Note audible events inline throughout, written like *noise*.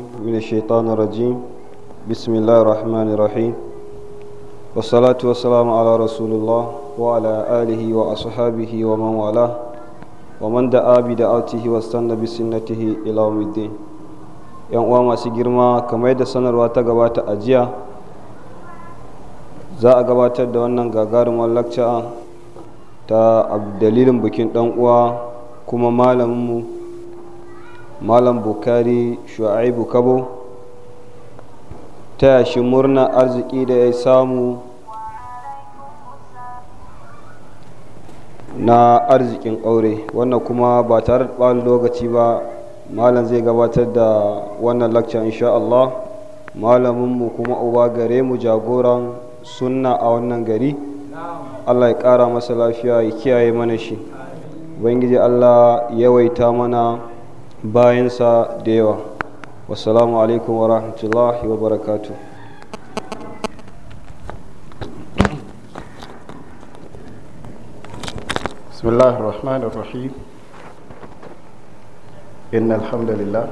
من الشيطان الرجيم بسم الله الرحمن الرحيم والصلاة والسلام على رسول الله وعلى آله وأصحابه ومن والاه ومن دعا بدعوته واستنى بسنته إلى يوم الدين yan uwa masu girma kamar yadda sanarwa ta gabata a jiya za a gabatar da wannan gagarumar lakca ta dalilin bikin dan uwa kuma malaminmu malam bukari shu'aibu kabo ta shi murna arziki da ya samu na arzikin aure wannan kuma ba tare da lokaci ba malam zai gabatar da wannan lakcan insha Allah malaminmu kuma uba gare mu jagoran sunna a wannan gari Allah ya ƙara masa lafiya ya kiyaye mana shi ubangiji Allah yawaita mana bayansa da yawa wasalamu alaikum wa rahmatullahi wa barakatu bismillah ar-rahman ar-rahim inna alhamdulillah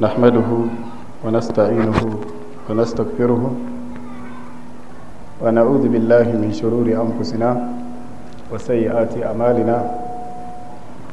nahmaduhu wa nasta'inuhu wa nastaghfiruhu wa na'udhu billahi min shururi anfusina wa sayyiati a'malina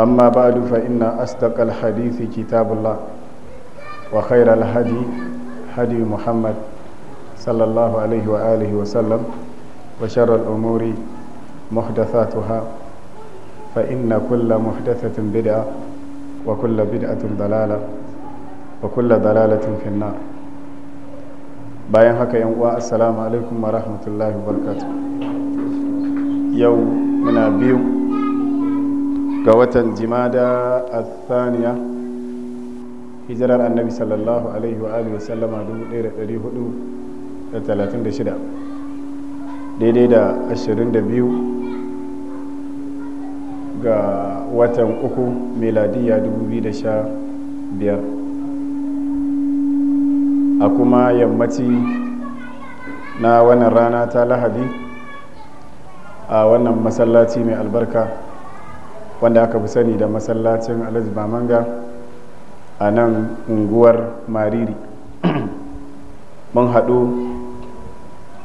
أما بعد فإن أصدق الحديث كتاب الله وخير الهدي هدي محمد صلى الله عليه وآله وسلم وشر الأمور محدثاتها فإن كل محدثة بدعة وكل بدعة ضلالة وكل ضلالة في النار bayan haka yan uwa assalamu alaikum wa rahmatullahi wa yau muna biyu ga watan jimada a thaniya hijirar annabi sallallahu alaihi wa alihi wasallama 1436 daidai da 22 ga watan uku meladiya 2015 a kuma yammaci na wannan rana ta lahadi a wannan masallaci mai albarka wanda aka fi sani da masallacin alhaji bamanga a nan unguwar mariri *clears throat* mun haɗu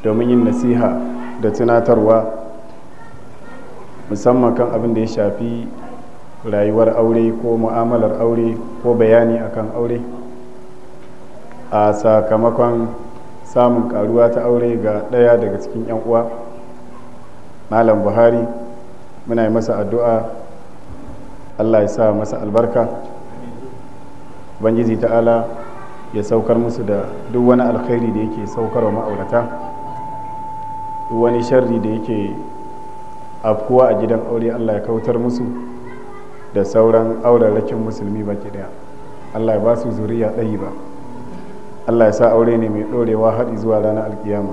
domin yin nasiha da tunatarwa musamman kan abin da ya shafi rayuwar aure ko mu'amalar aure ko bayani akan aure a sakamakon samun karuwa ta aure ga ɗaya daga cikin 'yan uwa malam buhari muna yi masa addu'a Allah ya sa masa albarka ubangiji ta'ala ya saukar musu da duk wani alkhairi da yake saukarwa ma'aurata duk wani sharri da yake afkuwa a gidan aure Allah ya kautar musu da sauran aurarakin musulmi baki daya Allah ya ba su zuriya ɗayi ba Allah ya sa aure ne mai ɗorewa haɗi zuwa ranar alkiyama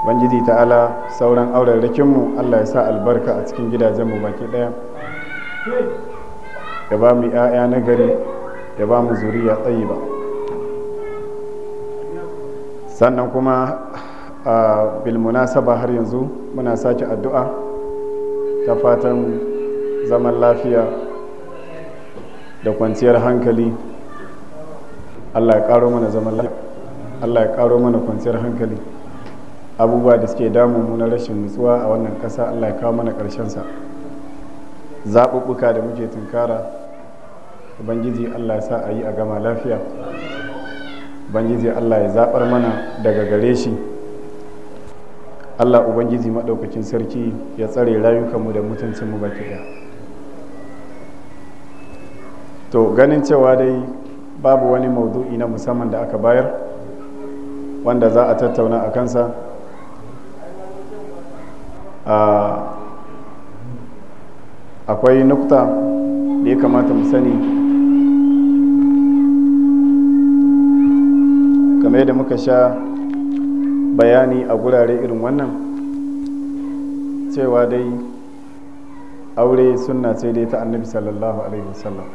ubangiji ta'ala sauran auren mu allah ya sa albarka a cikin gidajenmu baki daya ya ba mu 'ya'ya na gari ya ba mu zuriya tsayi ba sannan kuma a bilmunasaba har yanzu muna sake addu'a ta fatan zaman lafiya da kwanciyar hankali allah ya karo mana zaman lafiya allah ya karo mana kwanciyar hankali abubuwa da suke damu na rashin nutsuwa a wannan ƙasa allah ya kawo mana ƙarshensa zaɓuɓɓuka da muke tunkara ubangiji allah sa a yi a gama lafiya ubangiji allah ya zaɓar mana daga gare shi allah ubangiji maɗaukacin sarki ya tsare rayukanmu da mutuncinmu baki ɗaya to ganin cewa dai babu wani maudu'i na musamman da aka bayar wanda za a tattauna a kansa a akwai nukta da ya kamata mu sani kamar yadda muka sha bayani a gurare irin wannan cewa dai aure suna ce dai ta annabi sallallahu alaihi wasallam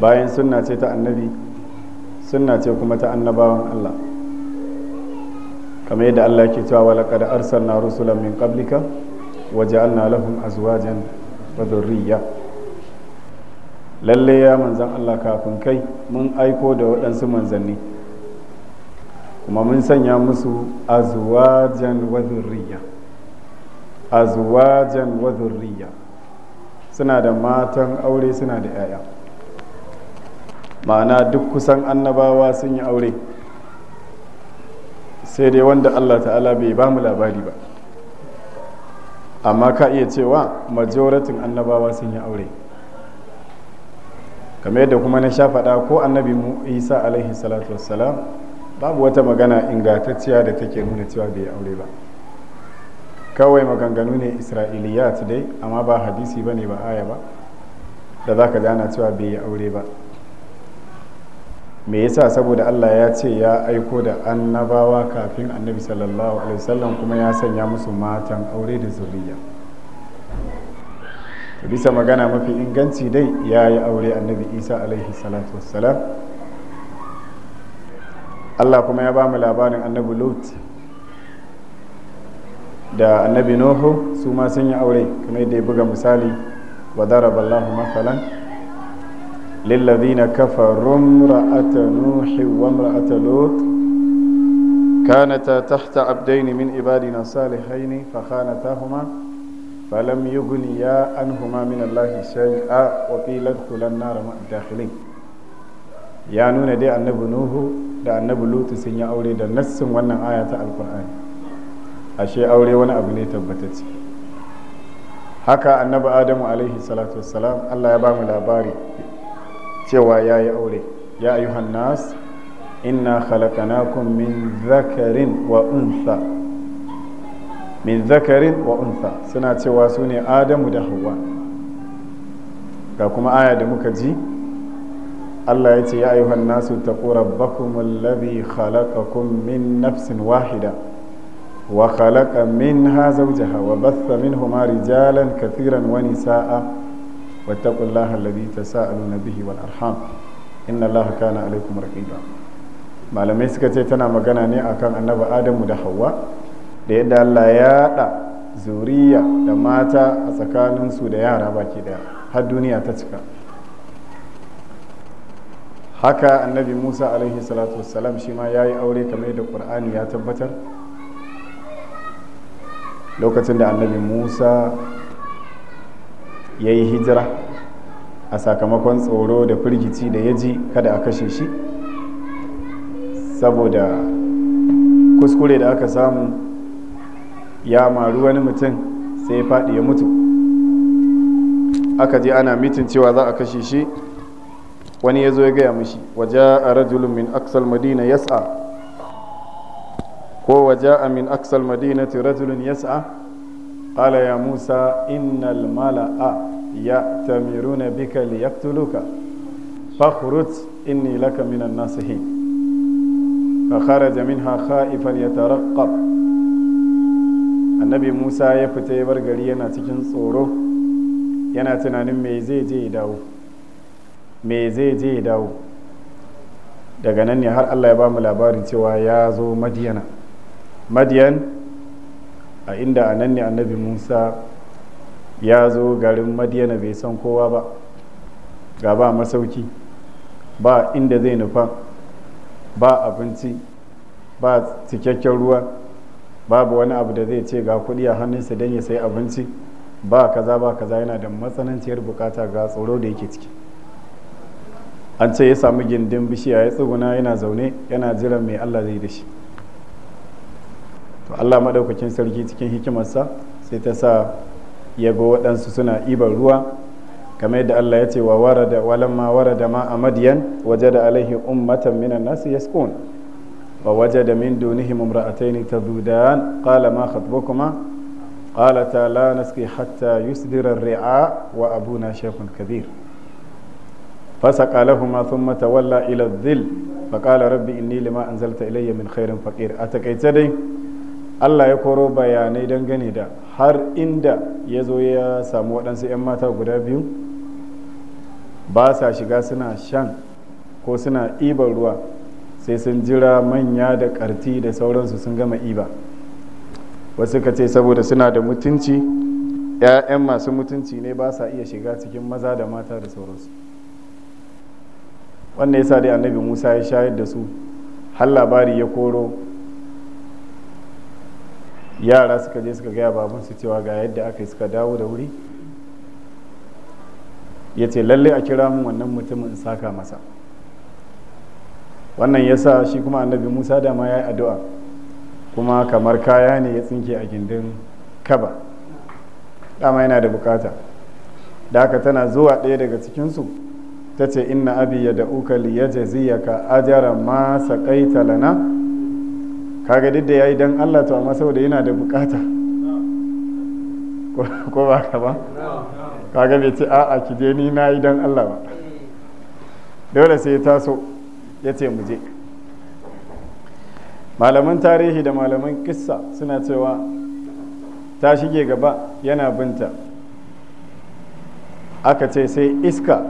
bayan suna ce ta annabi suna ce kuma ta annabawan allah kamar yadda allah ke cewa walaƙada arsalna rusulan min qablika waja'alna lahum azwajan wa dhurriyya lalle ya manzan Allah kafin kai mun aiko da waɗansu manzanni kuma mun sanya musu azwajan wa dhurriyya azwajan wa dhurriyya suna da matan aure suna da 'ya'ya ma'ana duk kusan annabawa sun yi aure sai dai wanda Allah ta'ala bai ba mu labari ba amma ka iya cewa majoratin annabawa sun yi aure kamar yadda kuma na sha faɗa ko annabi mu isa alaihi salatu wassalam babu wata magana ingantacciya da take nuna cewa bai yi aure ba kawai maganganu ne isra'iliyat dai amma ba hadisi ba ne ba aya ba da za ka gana cewa bai yi aure ba me yasa saboda Allah ya ce ya aiko da annabawa kafin annabi sallallahu alaihi wasallam kuma ya sanya musu matan aure da zuriya bisa magana mafi inganci dai ya yi aure annabi isa alaihi salatu wassalam Allah kuma ya ba mu labarin annabi Lut. da annabi nuhu su ma sun yi aure kuma yadda ya buga misali wa daraballahu masalan للذين كفروا امرأة نوح وامرأة لوط كانتا تحت عبدين من عبادنا صالحين فخانتاهما فلم يغنيا عنهما من الله شيئا وقيل ادخلا النار مع الداخلين يا نون دي النبي نوح ان النبي لوط سنيا اوري ده نص wannan آية القرآن أشي أولي وانا أبني تبتتي هكا النبي آدم عليه الصلاة والسلام الله يبامل أباري cewa ya yi aure ya ayyuhan hannas ina halakanakun min zakarin wa unsa min zakarin wa unsa suna cewa su ne adamu da hawa ga kuma aya da muka ji Allah ya ce ya ayyuhan nasu taqu rabbakum alladhi kun min nafsin wahida wa min ha zaujaha wa batha minhuma rijalan kathiran wani sa'a. واتقوا الله الذي تساءلون به والأرحام إن الله كان عليكم رقيبا malamai suka ce tana magana ne akan annabi adamu da hawa da yadda allah ya yaɗa zuriya da mata a tsakaninsu da yara baki daya har duniya ta cika haka annabi musa alaihi salatu wassalam shi ma ya yi aure kamar da ƙur'ani ya tabbatar lokacin da annabi musa ya yi hijira a sakamakon tsoro da firgici da ya ji kada a kashe shi saboda kuskure da aka samu ya maru wani mutum sai faɗi ya mutu aka je ana mitin cewa za a kashe shi wani ya zo ya gaya mishi waje a rajulun min aksal madina yas'a ko waje a min aksal madina rajulun yas'a ƙala ya musa innal mala'a ya'tamiruna bika liyaktuluka inni laka minan nasihin fa kharaja minha khaifan yataraqqab annabi musa ya fita ya bar gari yana cikin tsoro yana tunanin me zai je ya dawo me zai je ya dawo daga nan ne har allah ya ba mu labarin cewa ya zo madiyana madiyan a inda a nan ne annabi musa ya zo garin madiyana bai san kowa ba ga ba masauki ba inda zai nufa ba abinci ba cikakken ruwa babu wani abu da zai ce ga kuɗi a hannunsa don ya sayi abinci ba kaza ba kaza yana da matsananciyar bukata ga tsoro da yake ciki an ce ya samu gindin bishiya ya tsuguna yana zaune yana jiran mai allah zai da shi to allah maɗaukacin sarki cikin hikimarsa sai ta sa ya ga waɗansu suna ibar ruwa kamar yadda Allah ya ce wa wara da walamma wara da ma a madiyan waje da alaihi ummatan minan nasu ya skun wa waje da min dunihi mumra'atai ne ta dudan kala ma khatbo kuma kala ta la hatta yusdirar ri'a wa abu na shekun kabir fasa kala ma sun mata walla ila zil fa kala rabbi inni lima anzalta ilayya min khairin faqir a takaice dai Allah ya koro bayanai dangane da har inda ya zo ya samu waɗansu 'yan mata guda biyu ba sa shiga suna shan ko suna ibar ruwa sai sun jira manya da ƙarti da sauransu sun gama iba wasu ka ce saboda suna da mutunci 'ya'yan masu mutunci ne ba sa iya shiga cikin maza da mata da sauransu wannan ya sa dai annabi musa ya shayar da su har labari ya koro yara suka je suka gaya su cewa ga yadda aka yi suka dawo da wuri ya ce lalle a kira mun wannan mutumin in saka masa wannan ya sa shi kuma annabi musa dama ya yi addu'a kuma kamar kaya ne ya tsinke a gindin kaba dama yana da bukata da haka tana zuwa ɗaya daga cikinsu ta ce inna abi ya da'uka li ya jaziyaka ajara ma saƙaita lana kaga duk da yi don Allah to amma saboda yana da bukata ko ba ka ba kaga bai ce a'a ki je ni na yi don Allah ba dole sai ya taso ya ce mu je malaman tarihi da malaman kissa suna cewa ta shige gaba yana binta aka ce sai iska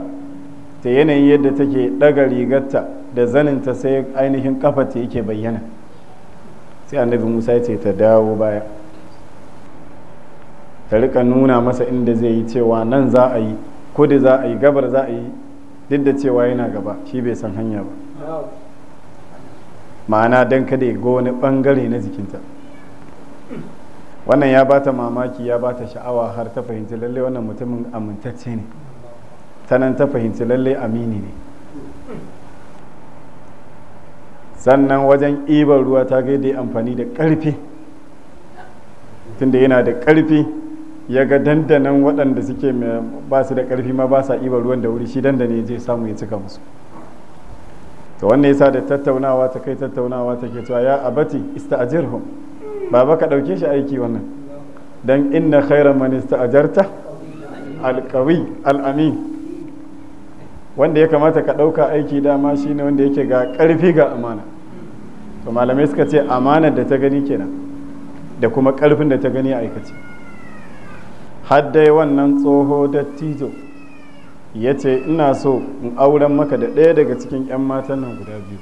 ta yanayin yadda take ɗaga rigarta da zaninta sai ainihin kafa ta yake bayyana sai annabi musa ya ce ta dawo baya ta rika nuna masa inda zai yi cewa nan za a yi kudu za a yi gabar za a yi duk da cewa yana gaba shi bai san hanya ba ma'ana don kada ya ga wani bangare na jikinta wannan ya bata mamaki ya bata sha'awa har ta fahimci lallai wannan mutumin amintacce ne ta nan ta fahimci lallai amini ne sannan wajen ibar ruwa ta ga yadda amfani da ƙarfi tunda yana da ƙarfi ya ga dandanan waɗanda suke ba su da ƙarfi ma ba sa ibar ruwan da wuri shi dandane zai samu ya cika musu to wannan yasa da tattaunawa ta kai tattaunawa ta ke cewa ya abati ista'jirhum baba ka ɗauke shi aiki wannan dan inna khairan man ista'jarta alqawi alamin wanda ya kamata ka ɗauka aiki dama shine wanda yake ga ƙarfi ga amana to malamai suka ce amana da ta gani kenan da kuma ƙarfin da ta gani aikace har dai wannan tsoho dattijo ya ce ina so in auren maka da ɗaya daga cikin 'yan matan nan guda biyu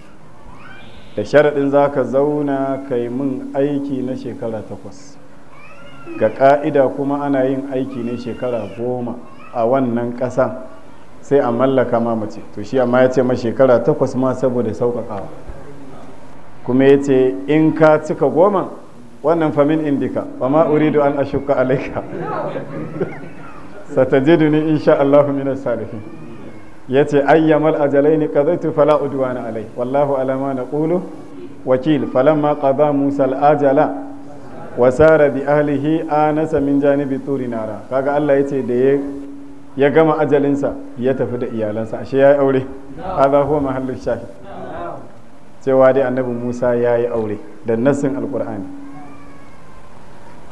da sharaɗin za ka zauna ka yi min aiki na shekara takwas ga ƙa'ida kuma ana yin aiki ne shekara goma a wannan ƙasa sai a mallaka ma mace to shi amma ya ce ma shekara takwas ma saboda sauƙaƙawa kuma ya ce in ka cika goma wannan famin indika ba ma uridu an ashuka alaika *laughs* satajiduni insha Allahu min salihin yace ayyamal ajalaini qadaitu fala udwana alai wallahu ala ma naqulu wakil falamma qada musa al ajala wa sara bi ahlihi anasa min janibi turi nara kaga Allah ya ce da ya ya gama ajalinsa ya tafi da iyalansa ashe ya yi aure hadha huwa mahallin shafi cewa dai annabi musa ya yi aure da nassin alkur'ani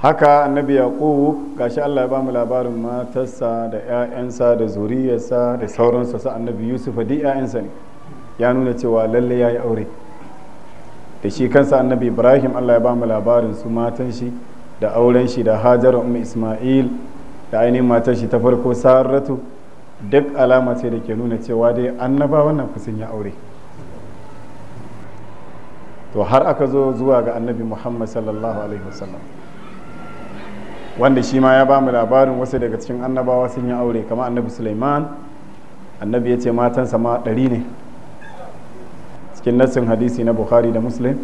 haka annabi yaqub gashi allah ya bamu labarin matarsa da 'ya'yansa da zuriyarsa da sauransa sa annabi yusuf da 'ya'yansa ne ya nuna cewa lalle ya yi aure da shi kansa annabi ibrahim allah ya bamu labarin su matan shi da auren shi da hajar umma isma'il da ainihin matar shi ta farko saratu duk alama ce da ke nuna cewa dai annaba wannan fusin ya aure to har aka zo zuwa ga annabi muhammad sallallahu alaihi wasallam wanda shi ma ya ba mu labarin wasu daga cikin annabawa sun yi aure kama annabi suleiman annabi ya ce matansa ma ɗari ne cikin nassin hadisi na bukhari da muslim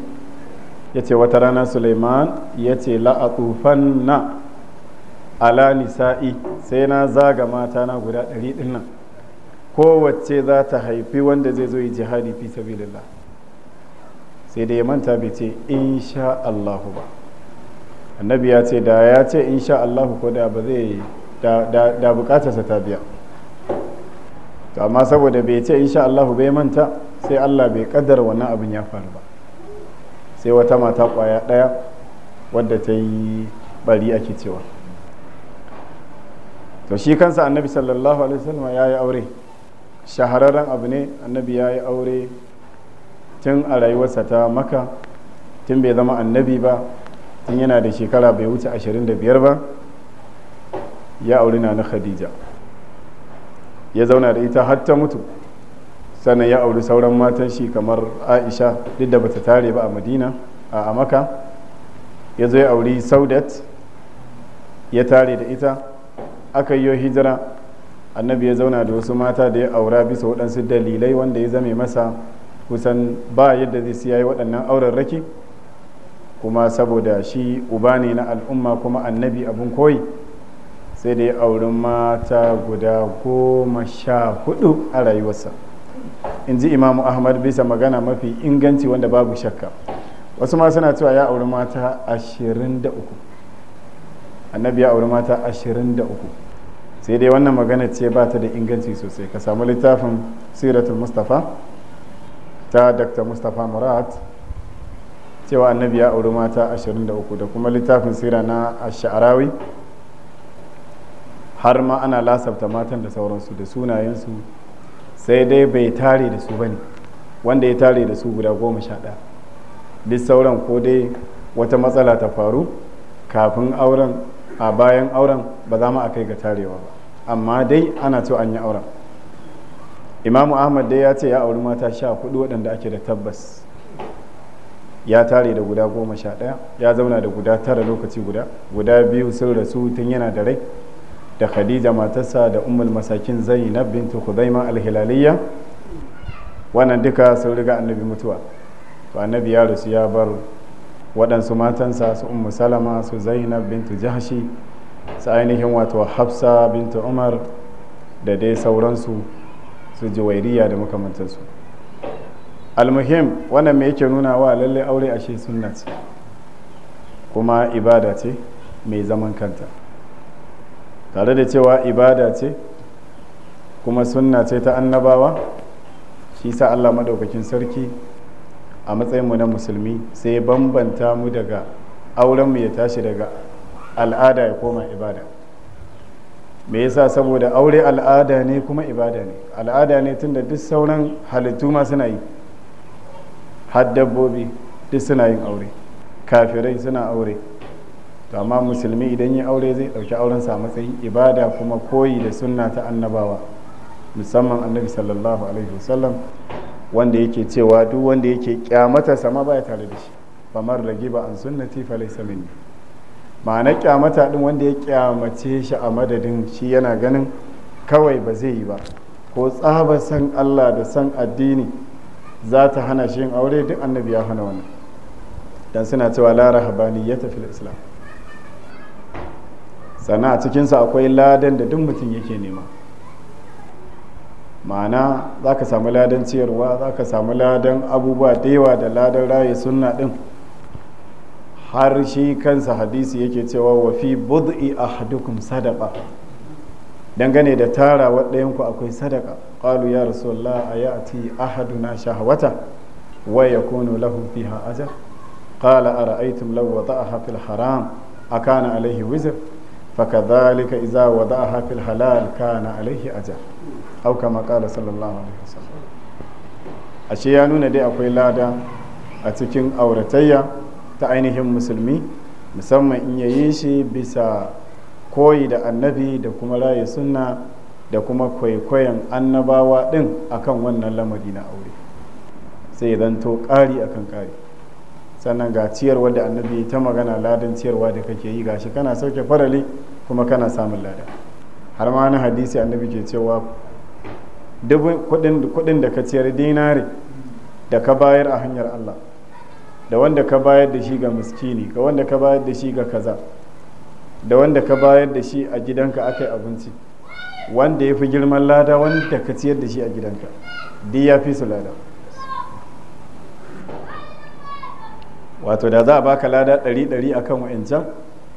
ya ce wata rana suleiman ya ce na ala nisa'i sai na zaga mata na guda ɗari ɗin nan kowace za ta haifi wanda zai zo yi jihadi fi sabilillah sai da ya manta bai ce insha Allahu ba annabi ya ce da ya ce sha Allahu ko da ba zai da bukatarsa ta biya to amma saboda bai ce sha Allahu bai manta sai Allah bai kaddara wannan abin ya faru ba sai wata mata kwaya ɗaya wadda ta yi bari ake cewa to shi kansa annabi sallallahu alaihi wasallam ya yi aure shahararren abu ne annabi ya yi aure tun a rayuwarsa ta maka tun bai zama annabi ba tun yana da shekara bai wuce 25 ba ya auri na na khadija ya zauna da ita har ta mutu sannan ya auri sauran matan shi kamar aisha duk da bata tare ba a madina a maka ya zo ya auri saudat ya tare da ita aka yi hijira annabi ya zauna da wasu mata da ya aura bisa waɗansu dalilai wanda ya zame masa kusan ba yadda zai siya yi waɗannan raki. kuma saboda shi uba ne na al'umma kuma annabi abin koyi sai da ya auri mata guda goma sha hudu a rayuwarsa in ji imamu ahmad bisa magana mafi inganci wanda babu shakka wasu ma suna cewa ya auri mata ashirin da uku annabi ya auri mata 23 sai dai wannan magana ce ba ta da inganci sosai ka samu littafin siratul mustafa ta dr mustapha murat cewa annabi ya auri mata 23 da kuma littafin sira na sha'arawi har ma ana lasafta matan da sauransu da sunayensu sai dai bai tare da su bane wanda ya tare da su guda goma sha ɗaya duk sauran ko dai wata matsala ta faru kafin auren a bayan auren ba za mu a kai ga tarewa ba amma dai ana to an yi auren imamu ahmad dai ya ce ya auri mata sha hudu waɗanda ake da tabbas ya tare da guda goma sha ɗaya ya zauna da guda tara lokaci guda guda biyu sun rasu tun yana da rai da khadija matarsa da ummul masakin zainab bintu ma alhilaliyya wannan duka sun riga annabi mutuwa to annabi ya rasu ya bar waɗansu matansa su ummu salama su zainab bintu jahashi su ainihin wato hafsa bintu umar da dai sauransu su juwairiya da makamantarsu almuhim wannan me yake nuna wa lalle aure ashe sunna ce kuma ibada ce mai zaman kanta tare da cewa ibada ce kuma sunna ce ta annabawa shi sa allah madaukakin sarki a matsayinmu na musulmi sai bambanta mu daga aurenmu ya tashi daga al'ada ya koma ibada me yasa saboda aure al'ada ne kuma ibada ne al'ada ne tunda duk sauran halittu ma suna yi har dabbobi duk suna yin aure kafirai suna aure to amma musulmi idan yi aure zai ɗauki auren sa matsayin ibada kuma koyi da sunna ta annabawa musamman annabi sallallahu alaihi wasallam wanda yake cewa duk wanda yake kyamata sama baya tare da shi famar lagi ba an sunnati fa laysa minni ma'ana kyamata din wanda ya kyamace shi a madadin shi yana ganin kawai ba zai yi ba ko tsaba san Allah da san addini za ta hana shi yin aure duk annabi ya hana wannan dan suna cewa la rahabaniyata fil islam sannan a cikinsa akwai ladan da duk mutum yake nema ma'ana za ka samu ladan ciyarwa za ka samu ladan abubuwa da yawa da ladan raye sunna din har shi kansa hadisi yake cewa wa fi bud'i ahadukum sadaqa dangane da tara waɗayanku akwai sadaka ƙalu ya rasulullah a ya'ti ahaduna shahawata wa yakunu lahu fiha ajr qala ara'aytum law wada'aha fil haram akana alayhi wizr fakadhalika idza wada'aha fil halal kana alayhi ajr auka makala sallallahu alaihi wasallam ashe ya nuna dai akwai lada a cikin auratayya ta ainihin musulmi musamman in yayi shi bisa koyi da annabi da kuma raye sunna da kuma kwaikwayon annabawa din akan wannan lamari na aure sai zan to ƙari akan ƙari sannan ga ciyarwa da annabi ta magana ladan ciyarwa da kake yi gashi kana sauke farali kuma kana samun lada har ma na hadisi annabi ke cewa dubin kudin da ka ciyar dinari da ka bayar a hanyar Allah da wanda ka bayar da shi ga miskini ga wanda ka bayar da shi ga kaza da wanda ka bayar da shi a gidanka aka yi abinci wanda ya fi girman lada wanda ka ciyar da shi a gidanka duk ya fi su lada wato da za a baka lada ɗari ɗari akan wa'ancan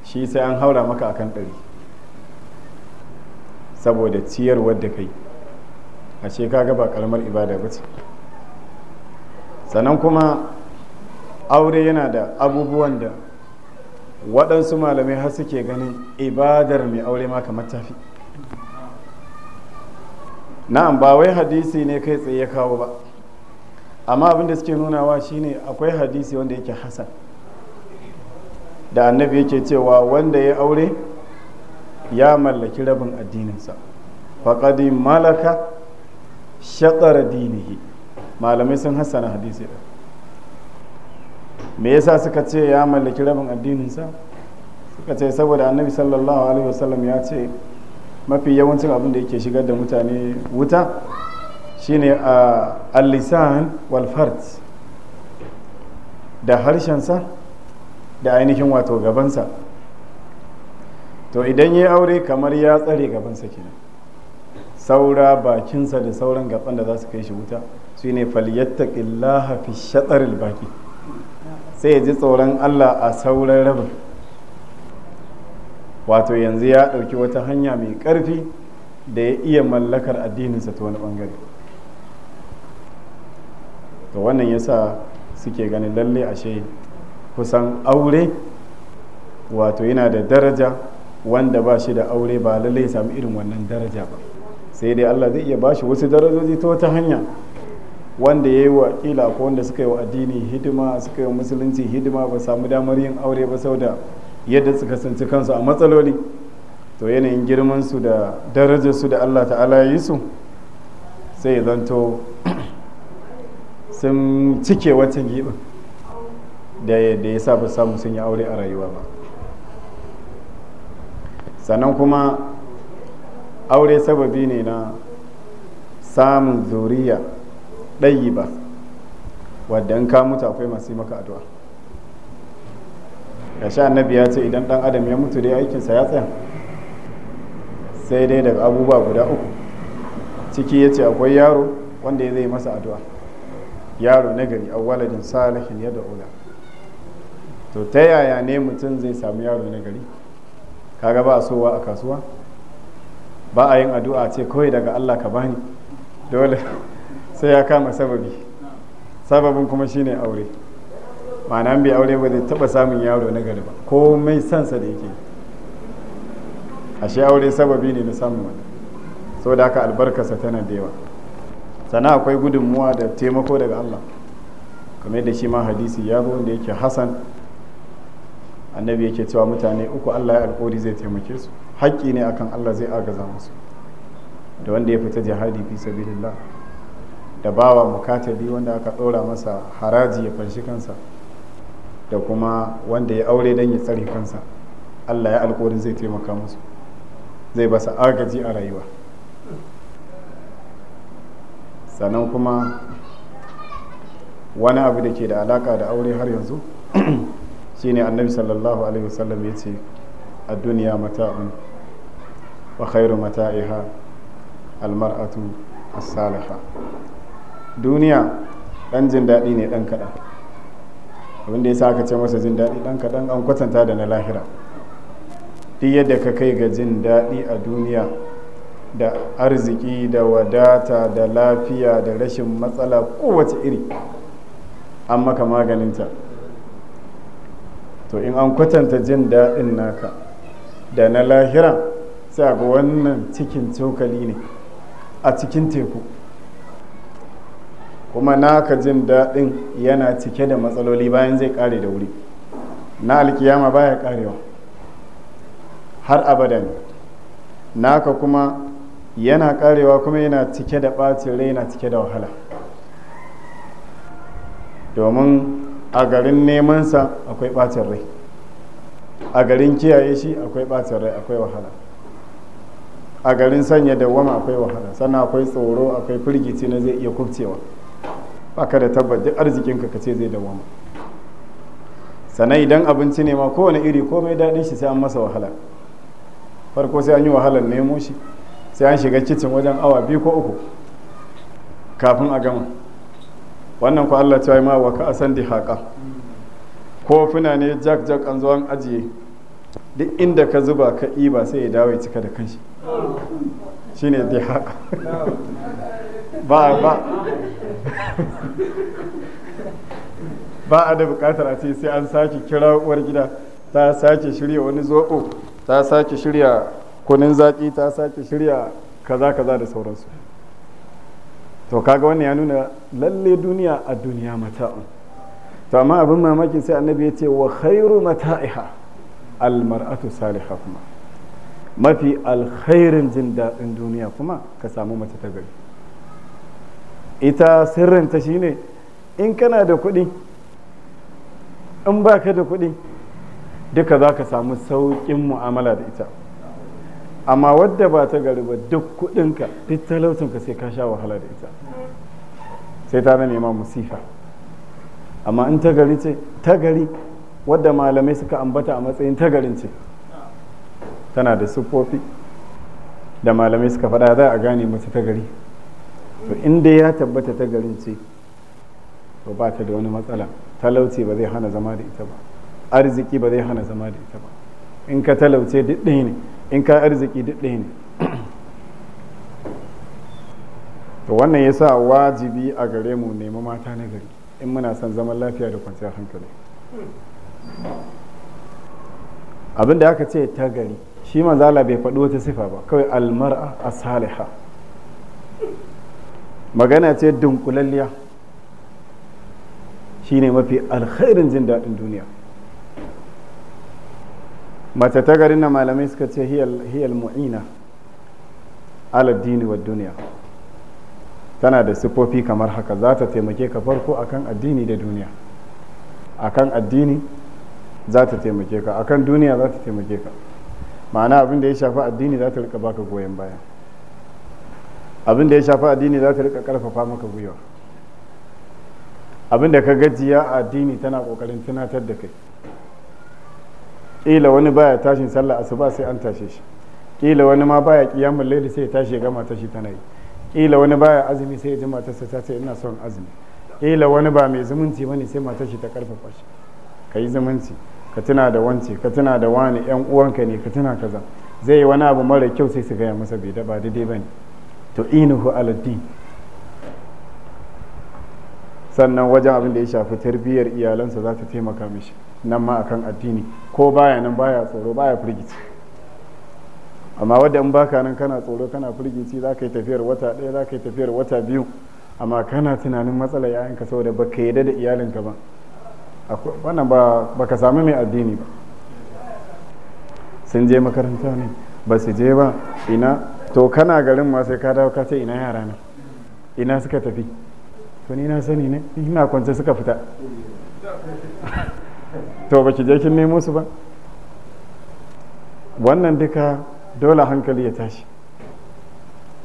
shi sai an haura maka akan ɗari saboda ciyarwar da kai ashe kaga ba kalmar ibada ba ce sannan kuma aure yana da abubuwan da waɗansu malamai har suke ganin ibadar mai aure ma kamar tafi na'am ba wai hadisi ne kai tsaye ya kawo ba amma abin da suke nunawa shine akwai hadisi wanda yake hasan da annabi yake cewa wanda ya aure ya mallaki rabin addininsa faƙadi malaka shaƙar dinihi malamai sun hassana hadisi da me yasa suka ce ya mallaki rabin addininsa suka ce saboda annabi sallallahu alaihi wasallam ya ce mafi yawancin abin da yake shigar da mutane wuta shine a al-lisan wal da harshensa da ainihin wato gabansa to idan ya aure kamar ya tsare gabansa kenan saura bakinsa da sauran gatsan da za su kai shi wuta su ne falyattaqillaha fi shataril baki sai ya ji tsoron Allah a sauran rabin wato yanzu ya ɗauki wata hanya mai ƙarfi da ya iya mallakar addininsa ta wani ɓangare to wannan ya sa suke ganin lalle ashe kusan aure wato yana da daraja wanda ba shi da aure ba lalle ya sami irin wannan daraja ba sai dai Allah zai iya bashi wasu darajoji ta wata hanya wanda ya yi wa kila ko wanda suka yi wa addini hidima suka yi musulunci hidima ba samu damar yin aure ba saboda yadda suka sanci kansu a matsaloli to yanayin girman su da darajarsu da Allah ta'ala ya yi su sai zanto sun cike wancan giɓin da ya sa ba samu sun yi aure a rayuwa ba sannan kuma aure sababi ne na samun zuriya ɗayi ba wadda ka mutu akwai masu maka addu'a ga sha annabi ya ce idan ɗan adam ya mutu dai aikinsa ya tsaya sai dai daga abubuwa guda uku ciki ya ce akwai yaro wanda ya zai masa addu'a yaro na gari waladin salihin ya da'ula to ta yaya ne mutum zai samu yaro na gari kaga ba a sowa a kasuwa ba a yin addu'a ce kawai daga Allah ka bani dole sai ya kama sababi sababin kuma shine aure ma'ana bai aure ba zai taba samun yaro na gari ba ko mai sansa da yake ashe aure sababi ne na samun wani da haka albarkarsa tana da yawa sana akwai gudunmuwa da taimako daga Allah kamar da shi ma hadisi ya zo wanda yake hasan annabi yake cewa mutane uku Allah ya alƙori zai taimake su haƙƙi ne akan Allah zai agaza musu da wanda ya fita jihadi fi sabilillah da bawa mukatabi wanda aka ɗora masa haraji ya fanshi kansa da kuma wanda ya aure don ya tsare kansa Allah ya alƙawarin zai taimaka musu zai basa agaji a rayuwa sannan kuma wani abu da ke da alaka da aure har yanzu *clears throat* shine annabi sallallahu alaihi wasallam ya ce الدنيا متاع وخير متاعها المرأة الصالحة duniya ɗan jin daɗi ne ɗan kaɗan abin da ya sa aka ce masa jin daɗi ɗan kaɗan an kwatanta da na lahira duk yadda ka kai ga jin daɗi a duniya da arziki da wadata da lafiya da rashin matsala kowace iri an maka maganinta to in an kwatanta jin daɗin naka da na lahira, sai ga wannan cikin cokali ne a cikin teku kuma naka jin daɗin yana cike da matsaloli bayan zai ƙare da wuri na alkiyama baya ƙarewa har abada ne naka kuma yana ƙarewa kuma yana cike da ɓacin rai yana cike da wahala domin a garin nemansa akwai ɓacin rai a garin kiyaye shi akwai ɓacin rai akwai wahala a garin sanya dawama akwai wahala sannan akwai tsoro akwai firgici na zai iya kubcewa baka da tabbat duk ka kace zai dawama sannan idan abinci ne ma kowane iri komai daɗin shi sai an masa wahala farko sai an yi wahalar nemo shi sai an shiga kicin wajen awa biyu ko uku kafin a gama wannan ku Allah ta yi ma wa ka asan di haƙa kofuna ne jak jak an zo an ajiye duk inda ka zuba ka ba sai ya dawo ya cika da kanshi shine dai haka ba ba ba a da bukatar a ce sai an sake kira uwar gida ta sake shirya wani zoɓo ta sake shirya kunin zaƙi ta sake shirya kaza kaza da sauransu to kaga wannan ya nuna lalle duniya a duniya mata'un to amma abin mamakin sai annabi ya ce wa khairu mata'iha almar'atu salihah kuma mafi alkhairin jin daɗin duniya kuma ka samu mace ta gari ita sirrinta shine in kana da kuɗi in baka da kuɗi duka za ka samu sauƙin mu'amala da ita amma wadda ba ta gari ba duk kuɗinka duk talautinka sai ka sha wahala da ita sai ta na nema musifa amma in tagari ce tagari wadda malamai suka ambata a matsayin tagarin ce tana da siffofi da malamai suka faɗa za a gane mata tagari to inda ya tabbata tagarin ce to ba ta da wani matsala talauci ba zai hana zama da ita ba arziki ba zai hana zama da ita ba in ka talauce duk ɗaya ne in ka arziki duk ɗaya ne to wannan yasa wajibi a gare mu nemi mata na gari in muna son zaman lafiya da kwanciyar hankali abin da aka ce ta gari shi manzala bai faɗi wata sifa ba kawai almar'a a saliha magana ce dunkulalliya shi ne mafi alkhairin jin daɗin duniya mace ta garin na malamai suka ce hiyal mu'ina ala wa duniya tana da siffofi kamar haka za ta taimake ka farko akan addini da duniya akan addini za ta taimake ka akan duniya za ta taimake ka ma'ana abin da ya shafi addini za ta rika baka goyon baya abin da ya shafi addini za ta rika karfafa maka gwiwa abin da ka gajiya a addini tana kokarin tunatar da kai ƙila wani baya tashin sallah asuba sai an tashe shi ƙila wani ma baya ƙiyamun laili sai ya tashi ya gama tashi tana yi ila wani baya azumi sai ya ji matarsa ta ce ina son azumi ila wani ba mai zumunci bane sai matar shi ta karfafa shi ka yi zumunci ka tuna da wance ka tuna da wani yan uwanka ne ka tuna kaza zai yi wani abu mara kyau sai su gaya masa bai da ba daidai bane to inuhu aladdin sannan wajen abin da ya shafi tarbiyyar iyalansa za ta taimaka mishi nan ma akan addini ko baya nan baya tsoro baya firgici amma wadda in baka nan kana tsoro kana firgici za ka yi tafiyar wata ɗaya za ka yi tafiyar wata biyu amma kana tunanin matsala yayanka saboda ba ka yarda da iyalinka ba wannan ba ka sami mai addini ba sun je makaranta ne ba su je ba ina to kana garin ma sai ka dawo ka ce ina yara na ina suka tafi to ni na sani ne ina kwance suka fita *laughs* to ba ki je kin nemo su ba wannan duka dole hankali ya tashi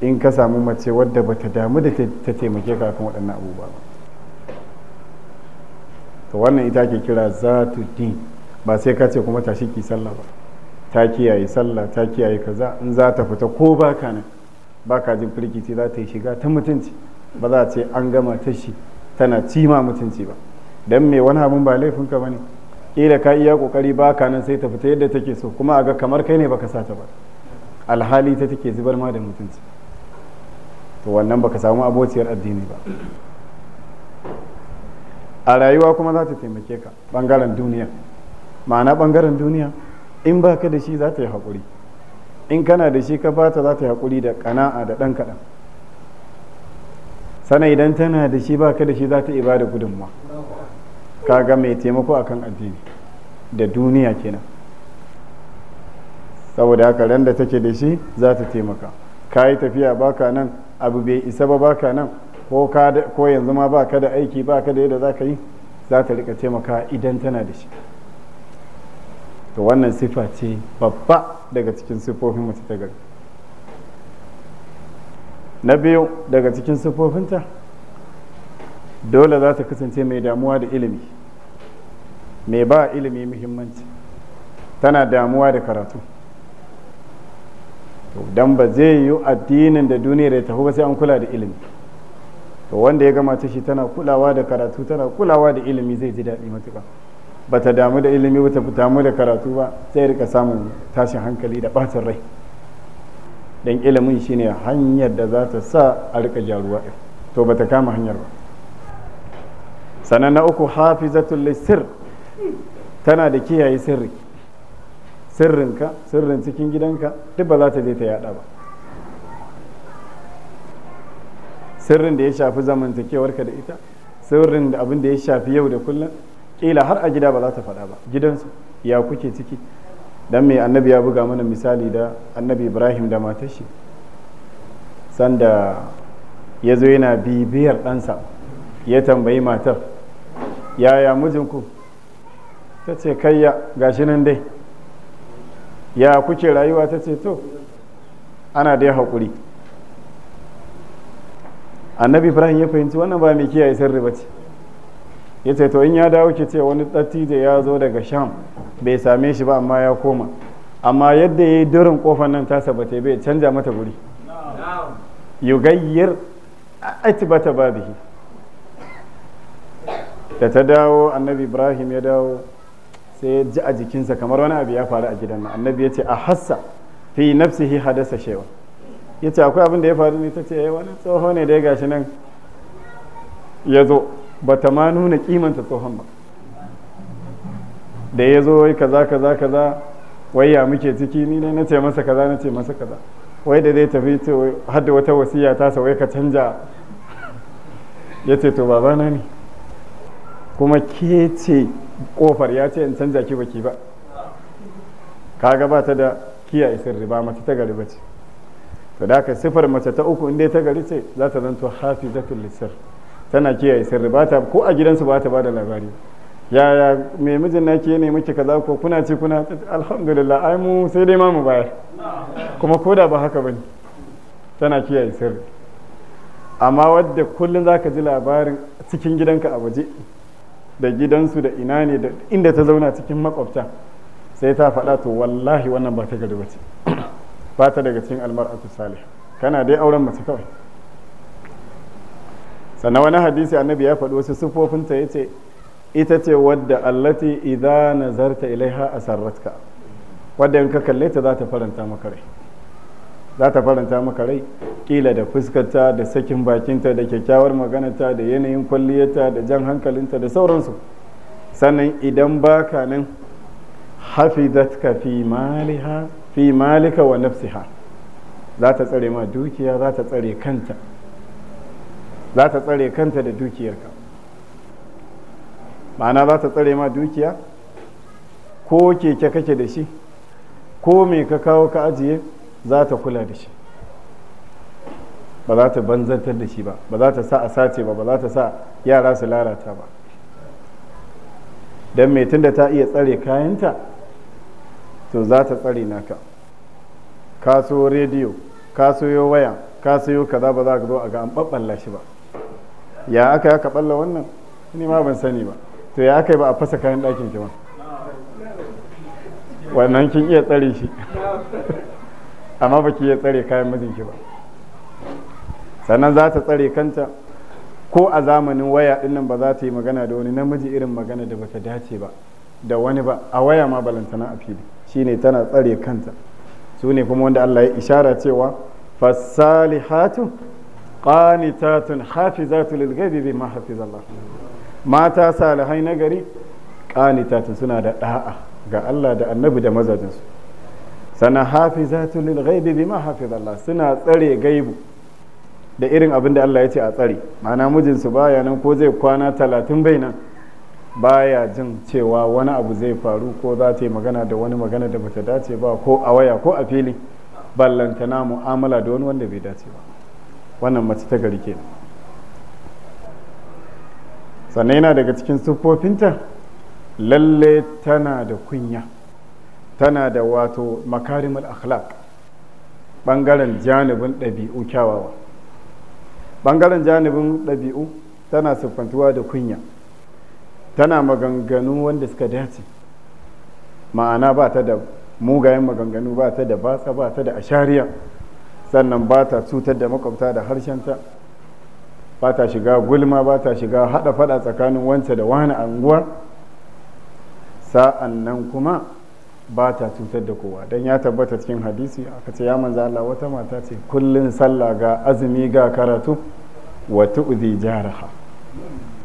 in ka samu mace wadda ba ta damu da ta taimake ka kan waɗannan abubuwa ba to wannan ita ke kira zatu din ba sai ka ce kuma tashi ki sallah ba ta kiyaye sallah ta kiyaye kaza in za ta fita ko ba ka nan ba ka jin firgici za ta yi shiga ta mutunci ba za a ce an gama ta shi tana cima mutunci ba dan me wani abun ba laifinka ba ne ƙila ka iya ƙoƙari ba ka nan sai ta fita yadda take so kuma a ga kamar kai ne baka sata ba alhali ta take zubar ma da mutunci to wannan baka samu abociyar addini ba a rayuwa kuma za ta taimake ka bangaren duniya ma'ana bangaren duniya in ba ka da shi za ta yi haƙuri in kana da shi ka bata za ta yi haƙuri da kana'a da ɗan kaɗan sana idan tana da shi ba ka da shi za ta ibada gudunmuwa kaga mai taimako akan addini da duniya kenan saboda haka ran da take da shi za ta taimaka ka yi tafiya baka nan abu bai isa ba baka nan ko yanzu ma baka da aiki baka da yadda za ka yi za ta rika taimaka idan tana da shi to wannan sifa ce babba daga cikin siffofin mace ta gari na biyu daga cikin siffofinta dole za ta kasance mai damuwa da ilimi mai ba ilimi muhimmanci tana damuwa da karatu to dan ba zai yi addinin da duniyar ya tafi ba sai an kula da ilimi to wanda ya gama shi tana kulawa da karatu tana kulawa da ilimi zai ji daɗi matuƙa ba ta damu da ilimi ba ta damu da karatu ba sai rika samun tashin hankali da ɓacin rai dan ilimin shine hanyar da za ta sa a rika jaruwa to ba ta kama hanyar ba sannan na uku hafizatul sir tana da kiyaye sirri sirrinka sirrin cikin gidanka duk ba za ta je ta yada ba sirrin da ya shafi zamantakewarka da ita sirrin da abin da ya shafi yau da kullum kila har a gida ba za ta faɗa ba gidansu ya kuke ciki don mai annabi ya buga mana misali da annabi ibrahim da matashi sanda ya zo yana bibiyar ɗansa ya tambayi matar yaya mijinku ta ce kayya gashi nan dai ya kuke rayuwa ta ce to ana dai haƙuri annabi ibrahim ya fahimci wannan ba mai kiyaye sirri ba ce ya ce to in ya dawo ke ce wani dattijo ya zo daga sham bai same shi ba amma ya koma amma yadda ya yi durin kofar nan tasa ba bai canja mata guri yugayyar ba babihi da ta dawo annabi ibrahim ya dawo sai ya ji a jikinsa kamar wani abu ya faru a gidan nan annabi ya ce a hassa fi nafsihi hadasa shewa ya ce akwai abin da ya faru ne ta ce ya eh, wani tsoho ne da ya gashi nan ya zo ba ta ma nuna kimanta tsohon ba da ya zo wai kaza kaza kaza wai ya muke ciki ni ne na ce masa kaza na ce masa kaza wai da zai tafi ce har da wata wasiya ta sa wai ka canja ya ce to babana ne kuma ke ce kofar ya ce in canza ki baki ba kaga ba ta da kiyaye sirri ba mace ta gari bace to da ka sifar mace ta uku inda ta gari ce za ta zanto hafizatul lisir tana kiyaye sirri ba ta ko a gidansu ba ta ba da labari yaya mai mijin na ke ne muke kaza ko kuna ce kuna alhamdulillah ai mu sai dai ma mu bayar kuma ko da ba haka bane tana kiyaye sirri amma wadda kullum zaka ji labarin cikin gidanka a waje da gidansu da ina ne da inda ta zauna cikin makwabta sai ta faɗa to wallahi wannan ba ta gari ba ce *clears throat* ba ta daga cikin almar'atu salih kana dai auren mace kawai sannan wani hadisi annabi ya faɗi wasu sufofinta ta ce ita ce wadda allati idza nazarta ilaiha asarratka wadda in ka kalle ta za ta faranta maka rai za ta faranta maka rai kila da fuskarta da sakin bakinta da kyakkyawar maganata da yanayin kwalliyarta da jan hankalinta da sauransu sannan idan baka nan hafi fi maliha fi malika wa nafsiha za ta tsare ma dukiya za ta tsare kanta za ta tsare kanta da dukiyarka ma'ana za ta tsare ma dukiya ko keke kake da shi ko me ka kawo ka ajiye za ta kula da shi ba za ta banzantar da shi ba ba za ta sa a sace ba ba za ta sa yara su lalata ba don mai tunda ta iya tsare kayanta to za ta tsare naka ka so rediyo ka soyo waya ka soyo kaza ba za ka zo a ga an ɓaɓɓalla shi ba ya aka ya ka ɓalla wannan ni ma ban sani ba to ya aka yi ba a fasa kayan ɗakin ki ba wannan kin iya tsare shi *laughs* amma ba ki iya tsare kayan mijinki ba sannan za ta tsare kanta ko a zamanin waya dinnan ba za ta yi magana da wani namiji irin magana da bata dace ba da wani ba a waya ma balantana a fili shine tana tsare kanta su ne kuma wanda Allah ya ishara cewa fasalihatu qanitatun hafizatu lil bima hafizallah mata salihai nagari qanitatun suna da da'a ga Allah da annabi da mazajinsu sana hafi za hafizatu lil ghaibi bima hafiz Allah suna tsare gaibu da irin abin da Allah ya ce a tsare ma'ana mijinsu baya nan ko zai kwana talatin bai nan baya jin cewa wani abu zai faru ko za ta yi magana da wani magana da bata dace ba ko a waya ko a fili ballantana mu'amala da wani wanda bai dace ba wannan mace ta gari ke sannan yana daga cikin siffofinta lalle tana da kunya tana da wato makarimul akhlaq ɓangaren janibin ɗabi'u kyawawa bangaren janibin ɗabi'u tana siffantuwa da kunya tana maganganu wanda suka dace ma'ana ba ta da mugayen maganganu ba ta da batsa ba ta da ashariya sannan ba ta cutar da makwabta da harshenta ba ta shiga gulma ba ta shiga haɗa faɗa tsakanin wance da wani anguwa sa'an nan kuma ba ta cutar da kowa don ya tabbata cikin hadisi aka ce ya manza Allah wata mata ce kullun sallah ga azumi ga karatu wa tu'zi jaraha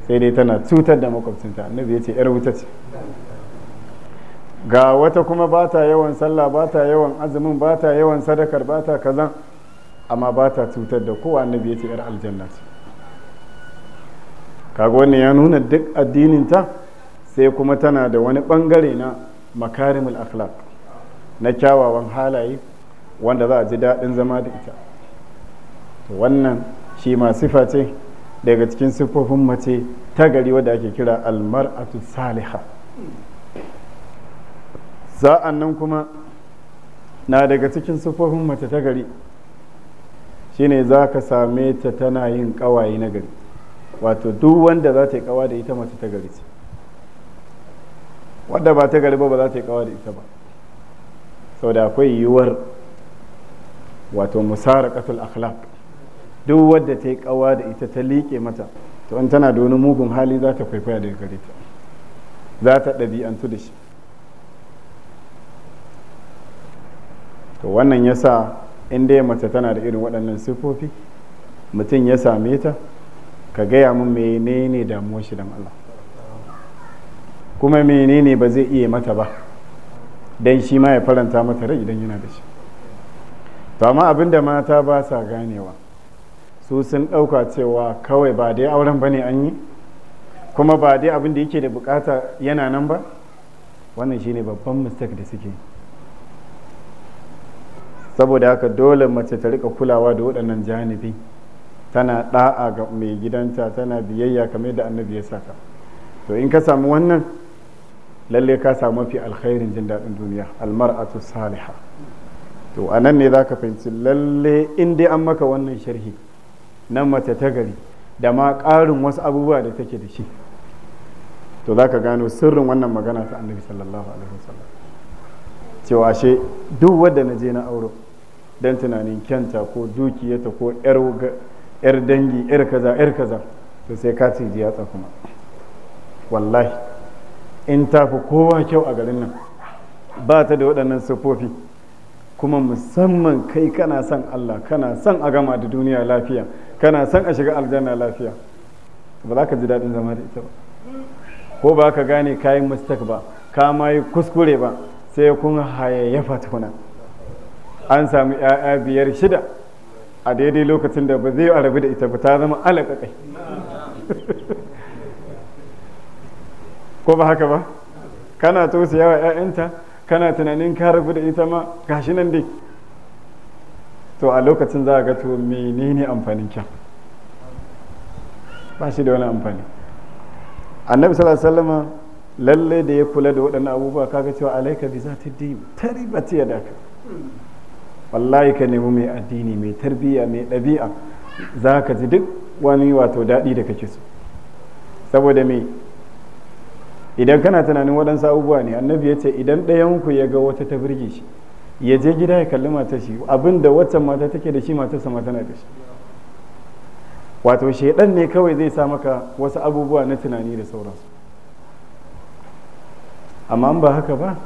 sai dai tana cutar da makwabcinta annabi ya ce yar wuta ce ga wata kuma ba ta yawan sallah ba ta yawan azumin ba ta yawan sadakar ba ta kazan amma ba ta cutar da kowa annabi ya ce yar aljanna ce kaga wannan ya nuna duk addinin ta sai kuma tana da wani bangare na makarimul akhlaq na kyawawan halaye wanda za a ji daɗin zama da ita wannan shi ma sifa ce daga cikin sifofin mace ta gari wadda ake kira almar'atu saliha za'an nan kuma na daga cikin sifofin mace ta gari shine za ka same ta tana yin ƙawaye na gari wato duk wanda za ta yi ƙawa da ita mace ta gari ce wadda ba ta gari ba ba za ta yi kawa da ita ba sau da akwai yiwuwar wato musara katul akhlaq duk wadda ta yi kawa da ita ta liƙe mata to in tana da mugun hali za ta kwaikwaya daga gare ta za ta ɗabi'antu da shi to wannan ya sa in dai mace tana da irin waɗannan siffofi mutum ya same ta ka gaya mun menene damuwar shi dan Allah kuma menene ba zai iya mata ba don shi ma ya faranta mata rai idan yana da shi to amma abin da mata ba sa ganewa su sun ɗauka cewa kawai ba dai auren ba ne an yi kuma ba dai abin da yake da bukata yana nan ba wannan shine babban mistak da suke saboda haka dole mace ta rika kulawa da waɗannan janibi tana ɗa'a ga mai gidanta tana biyayya kamar da annabi ya saka to in ka samu wannan lalle ka samu mafi alkhairin jin daɗin duniya almar'atu saliha to a nan ne za ka fahimci lalle in dai an maka wannan sharhi na mace ta gari da ma ƙarin wasu abubuwa da take da shi to za ka gano sirrin wannan magana ta annabi sallallahu alaihi wasallam cewa ashe duk wadda na je na auro dan tunanin kyanta ko dukiyata ko yar dangi yar kaza yar kaza to sai ka ci jiya kuma wallahi in ta kowa kyau a garin nan ba ta da waɗannan siffofi kuma musamman kai kana son Allah kana son a gama da duniya lafiya kana son a shiga aljanna lafiya ba za ka ji daɗin zama da ita ba ko ba ka gane kayan mistak ba ka ma yi kuskure ba sai kun hayayyafa tukuna an sami 'ya'ya biyar shida a daidai lokacin da ba zai a rabu da ita ba ta zama alaƙaƙai ko ba haka ba kana tausaya wa 'ya'yanta kana tunanin ka rabu da ita ma gashi nan dai to a lokacin za a ga to menene amfanin kyan ba shi da wani amfani annabi sallallahu alaihi wasallam lalle da ya kula da waɗannan abubuwa kaga cewa alaika bi zati din taribati yadaka wallahi ka nemi mai addini mai tarbiyya mai ɗabi'a za ka ji duk wani wato daɗi da kake so saboda mai idan kana tunanin waɗansu abubuwa ne annabi ya ce idan ɗayanku ya ga wata ta birge shi ya je gida ya kalli matar shi abin da mata take da shi matarsa sama tana da shi wato shaidan ne kawai zai sa maka wasu abubuwa na tunani da sauransu amma ba haka ba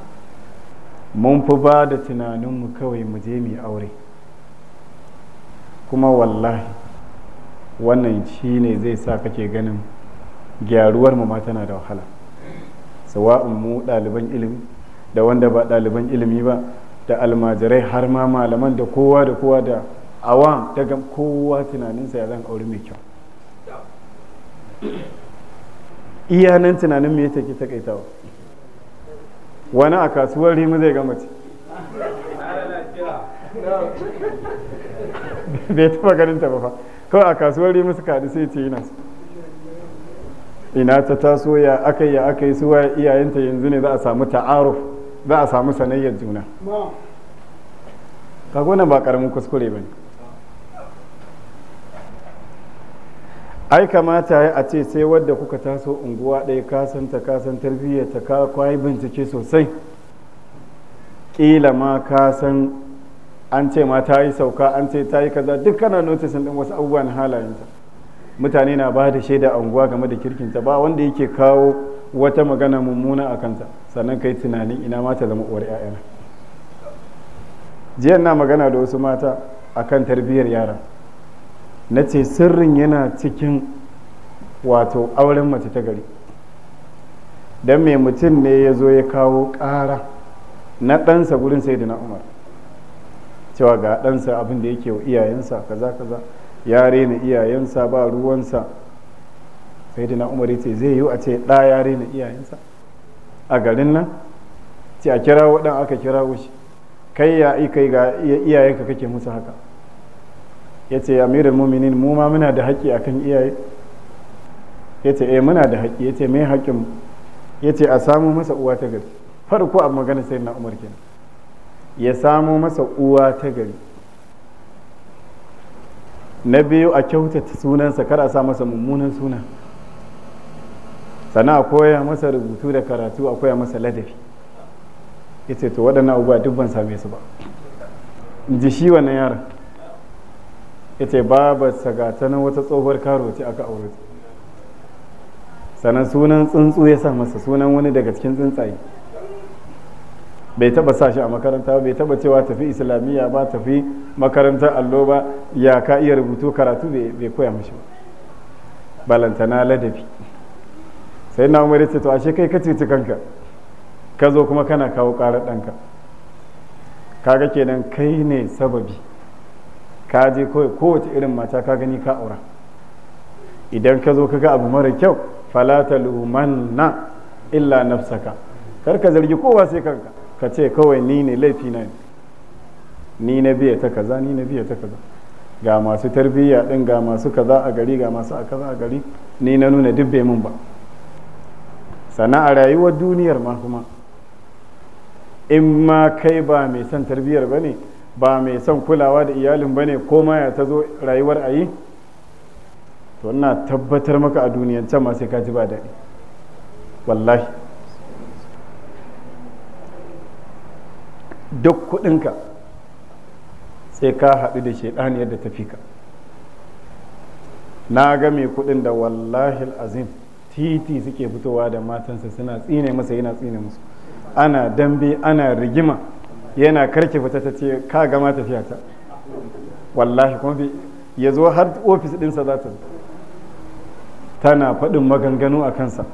mun fi ba da tunaninmu kawai mu je mu aure kuma wallahi wannan shi ne zai sa kake ganin gyaruwar mu ma tana da wahala sawa'un mu ɗaliban ilimi da wanda ba ɗaliban ilimi ba da almajirai har ma malaman da kowa da kowa da awam daga kowa tunaninsa ya zan aure mai kyau iyanan tunanin me take takaitawa wani a kasuwar rimu zai ga mace bai taba ganin ta ba fa kawai a kasuwar rimu suka haɗu sai ce yi nasu. ina ta taso ya aka yi aka yi suwa iyayenta yanzu ne za a samu ta'aruf za a samu sanayyar juna kaga ba karamin kuskure ba ne ai kamata ya a ce sai wadda kuka taso unguwa ɗaya kasanta kasan tarbiyyar ta ka kwayi bincike sosai ƙila ma kasan an ce ma ta yi sauka an ce ta yi kaza duk kana notisin ɗin wasu abubuwan halayenta mutane na ba da shaida unguwa game da kirkinta ba wanda yake kawo wata magana mummuna a kanta sannan kai tunanin ina mata zama uwar 'ya'yana jiyan na magana da wasu mata a kan tarbiyyar yara na ce sirrin yana cikin wato auren mace ta gari don mai mutum ne ya zo ya kawo kara na ɗansa gurin sai umar cewa ga ɗansa abin da yake wa iyayensa kaza kaza ya rena iyayensa ba ruwansa sai dina umar ce zai yi a ce ɗa ya rena iyayensa a garin nan ce a kira waɗan aka kira wuce kai ya kai ga iyayenka kake musu haka ya ce amirin muminin mu ma muna da haƙƙi akan iyaye ya ce eh muna da haƙƙi ya ce mai haƙƙin ya ce a samu masa uwa ta gari farko a magana sai na umar kenan ya samu masa uwa ta gari na biyu a kyautata sunansa kar a sa masa mummunan suna sannan a koya masa rubutu da karatu a koya masa ladabi ya ce to waɗannan abubuwa duk ban same su ba ji shi wannan yara. ya ce babarsa ga wata tsohuwar karo aka aure sannan sunan tsuntsu ya sa masa sunan wani daga cikin tsuntsaye bai taba sa shi a makaranta bai taba cewa tafi islamiyya ba tafi makarantar allo ba ya ka iya rubutu karatu bai koya mashi ba balantana ladabi sai na umar ce to ashe kai ka ceci kanka ka zo kuma kana kawo ƙarar ɗanka kaga kenan kai ne sababi ka je kowace irin mata ka gani ka aura idan ka zo kaga abu mara kyau falata lumanna illa nafsaka kar ka zargi kowa sai kanka ka ce kawai ni ne laifi na ni na biya ta kaza ni na biya ta kaza ga masu tarbiyya din ga masu kaza a gari ga masu a kaza a gari ni na nuna duk bai mun ba sannan a rayuwar duniyar ma kuma in ma kai ba mai son tarbiyyar ba ne ba mai son kulawa da iyalin ba ne ko ma ya ta zo rayuwar a yi to ina tabbatar maka a duniyar can ma sai ka ji ba daɗi wallahi duk kudinka sai ka haɗu da shaidan yadda ta fi ka na ga mai kuɗin da wallahi azim titi suke fitowa da matansa suna tsine masa yana tsine musu ana dambe ana rigima yana karki fita ta ce ka gama tafiya ta wallahi kuma ya zo har ofis ɗinsa za ta tana faɗin maganganu a kansa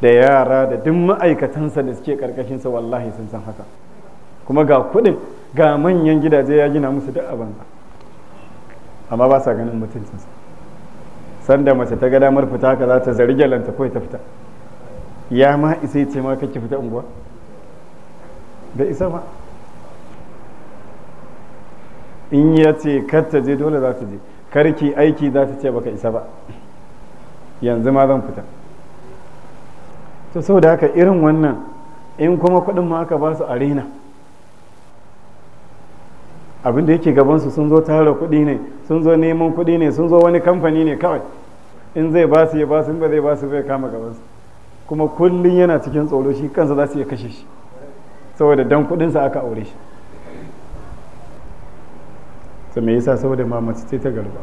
da yara da duk ma'aikatansa da suke ƙarƙashinsa wallahi sun san haka kuma ga kuɗin ga manyan gidaje ya gina musu duk abin banza amma ba sa ganin sa. sanda mace ta ga damar fita ka za ta zari gyalanta kawai ta fita ya ma isa ce ma kake fita unguwa da isa ba in ya ce kar ta je dole za ta je karki aiki za ta ce baka isa ba yanzu ma zan fita to saboda haka irin wannan in kuma kuɗin ma aka ba su arena abin da yake gabansu sun zo tara kuɗi ne sun zo neman kuɗi ne sun zo wani kamfani ne kawai in zai ba su ya ba su ba zai ba su bai kama gabansu kuma kullum yana cikin tsoro shi kansa za su iya kashe shi saboda dan sa aka aure shi to me yasa saboda ma mace ce ta garba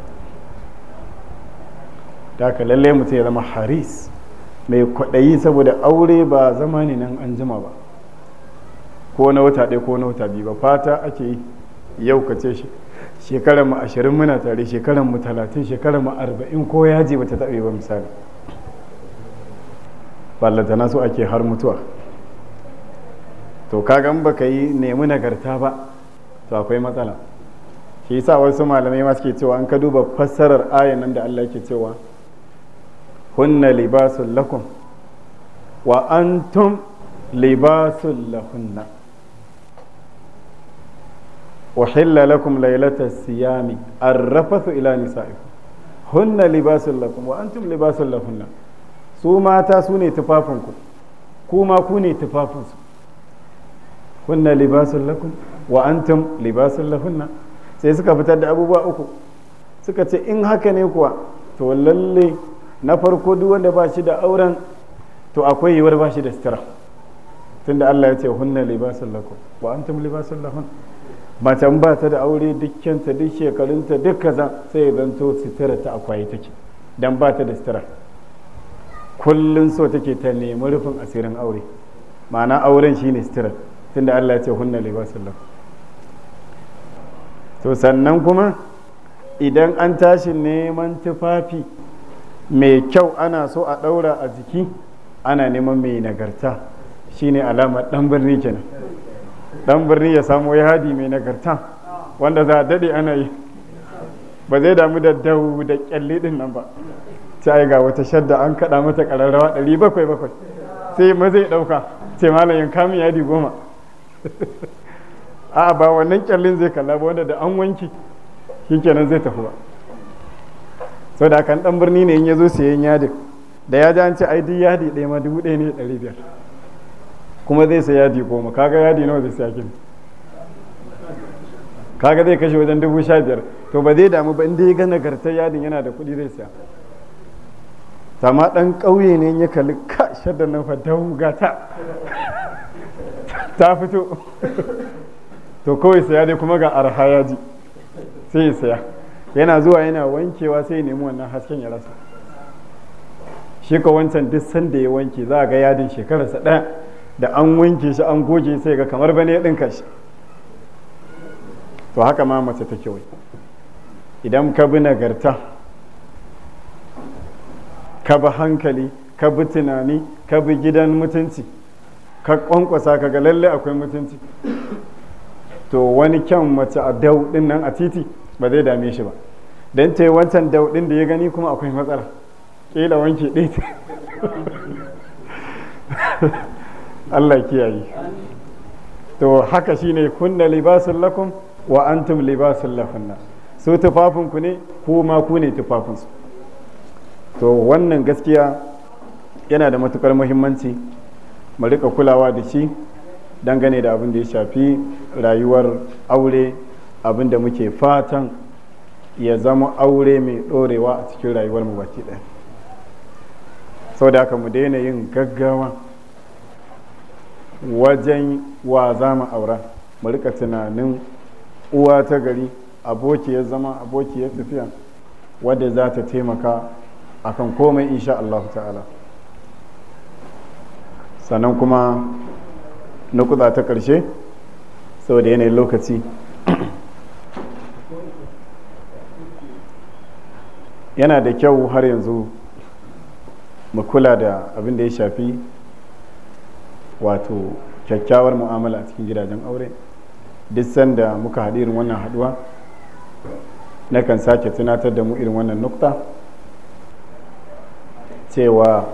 da ka lalle mutum ya zama haris mai kwaɗayi saboda aure ba zama ne nan an jima ba ko na wata ɗaya ko na wata biyu ba fata ake yi yau ka ce shi shekarar mu ashirin muna tare shekarar mu talatin shekarar mu arba'in ko yaji bata taɓe ba misali ballatana so ake har mutuwa to ka gan baka yi nemi nagarta ba to akwai matsala shi yasa wasu malamai ma suke cewa an ka duba fassarar ayan nan da Allah yake cewa hunna libasul lakum wa antum libasul lahunna uhilla lakum lailata ne tufafinku kuma ku ne tufafinsu hunna libasul sai suka fitar da abubuwa uku suka ce in haka ne kuwa to na farko duk wanda da auren to shi da sutura tunda Allah ya ce hunna libasul macen ba ta da aure dukkanta duk shekarunta duk kaza sai ya zanto sitira ta akwai take dan ba ta da sitira kullum so take ta nemi rufin asirin aure ma'ana auren shine sitira tunda Allah ya ce hunna libasul to sannan kuma idan an tashi neman tufafi mai kyau ana so a ɗaura a jiki ana neman mai nagarta shine alamar ɗan birni kenan Ɗan birni ya samu ya hadi mai nagarta wanda za a dade ana yi ba zai damu da kyalli da kyalle din nan ba sai ga wata shadda an kaɗa mata ƙararrawa ɗari bakwai bakwai sai ma zai ɗauka ce malayin kamun yadi goma *laughs* a ba wannan kyallin zai kalla ba wanda da an wanki shikenan zai tafi ba sau da kan dan birni ne in ya zo siyan yadin da ya ji an ce ai duk yadi ɗaya ma dubu ɗaya ne ɗari biyar kuma zai sai yadi goma kaga yadi nawa zai saya kin kaga zai kashe wajen dubu sha biyar to ba zai damu ba in dai ga nagartar yadin yana da kuɗi zai siya sama ɗan ƙauye ne ya kalli ka shaddan nan fa gata ta fito to kawai saya dai kuma ga arha yaji sai ya saya yana zuwa yana wankewa sai ya nemi wannan hasken ya rasa shi ka wancan duk sanda ya wanke za a ga yadin shekararsa ɗaya da an wanke shi an goge sai ga kamar bane ya ɗinka shi to haka ma mace take wai idan ka bi nagarta ka bi hankali ka bi tunani ka bi gidan mutunci ka kwankwasa ka ga lalle akwai mutunci to wani kyan mace a daudin nan a titi ba zai dame shi ba don ta yi wancan daudin da ya gani kuma akwai matsala ƙila wanke ɗaya *laughs* Allah kiyaye to haka shine kunna libasul lakum wa antum libasul lahunna su tufafinku ne ku ma ku ne tufafin to wannan gaskiya yana da matukar muhimmanci mu rika kulawa da shi dangane da abin da ya shafi rayuwar aure abin da muke fatan ya zama aure mai ɗorewa a cikin rayuwar mu baki ɗaya sau da haka mu daina yin gaggawa wajen wa za mu aura mu rika tunanin uwa ta gari abokiyar zama abokiyar tafiya wadda za ta taimaka a kan komai insha Allah ta'ala sannan kuma nukuda ta ƙarshe saboda yanayin lokaci yana da kyau har yanzu mu kula da abin da ya shafi wato kyakkyawar mu'amala a cikin gidajen aure duk sanda muka haɗu irin wannan haɗuwa na kan sake tunatar da mu irin wannan nukta cewa